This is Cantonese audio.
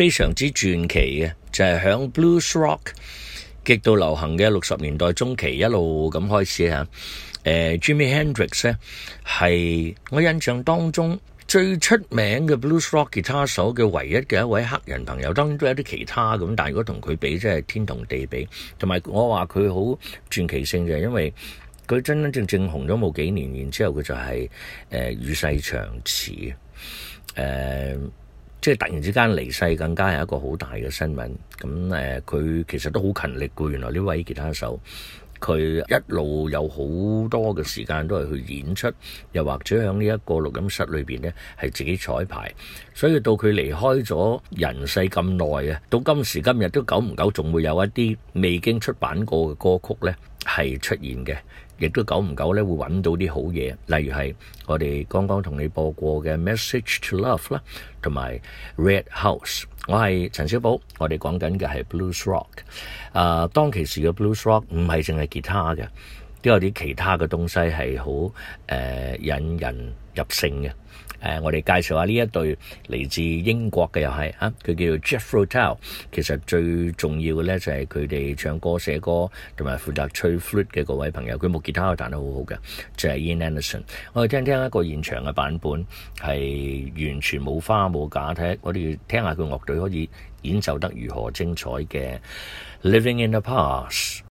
非常之傳奇嘅，就係響 blues rock 極度流行嘅六十年代中期一路咁開始嚇。誒、呃、，Jimi Hendrix 咧係我印象當中最出名嘅 blues rock 吉他手嘅唯一嘅一位黑人朋友，當然都有啲其他咁，但係如果同佢比，真係天同地比。同埋我話佢好傳奇性就係因為佢真真正正紅咗冇幾年，然之後佢就係誒與世長辭誒。呃即係突然之間離世，更加係一個好大嘅新聞。咁呃，佢其實都好勤力過，原來呢位吉他手，佢一路有好多嘅時間都係去演出，又或者喺呢一個錄音室裏面呢係自己彩排。所以到佢離開咗人世咁耐啊，到今時今日都久唔久，仲會有一啲未經出版過嘅歌曲呢係出現嘅，亦都久唔久咧會揾到啲好嘢，例如係我哋剛剛同你播過嘅《Message to Love》啦，同埋《Red House》我是陳。我係陳小寶，我哋講緊嘅係 Blues Rock。誒、呃，當其時嘅 Blues Rock 唔係淨係吉他嘅。都有啲其他嘅東西係好誒引人入勝嘅。誒、呃。我哋介紹下呢一隊嚟自英國嘅又係啊，佢叫做 Jethro Tull。其實最重要嘅咧就係佢哋唱歌寫歌同埋負責吹 flute 嘅嗰位朋友，佢冇吉他彈彈得好好嘅，就係、是、Ian Anderson。我哋聽聽一個現場嘅版本，係完全冇花冇假，睇我哋聽下佢樂隊可以演奏得如何精彩嘅 Living in the Past。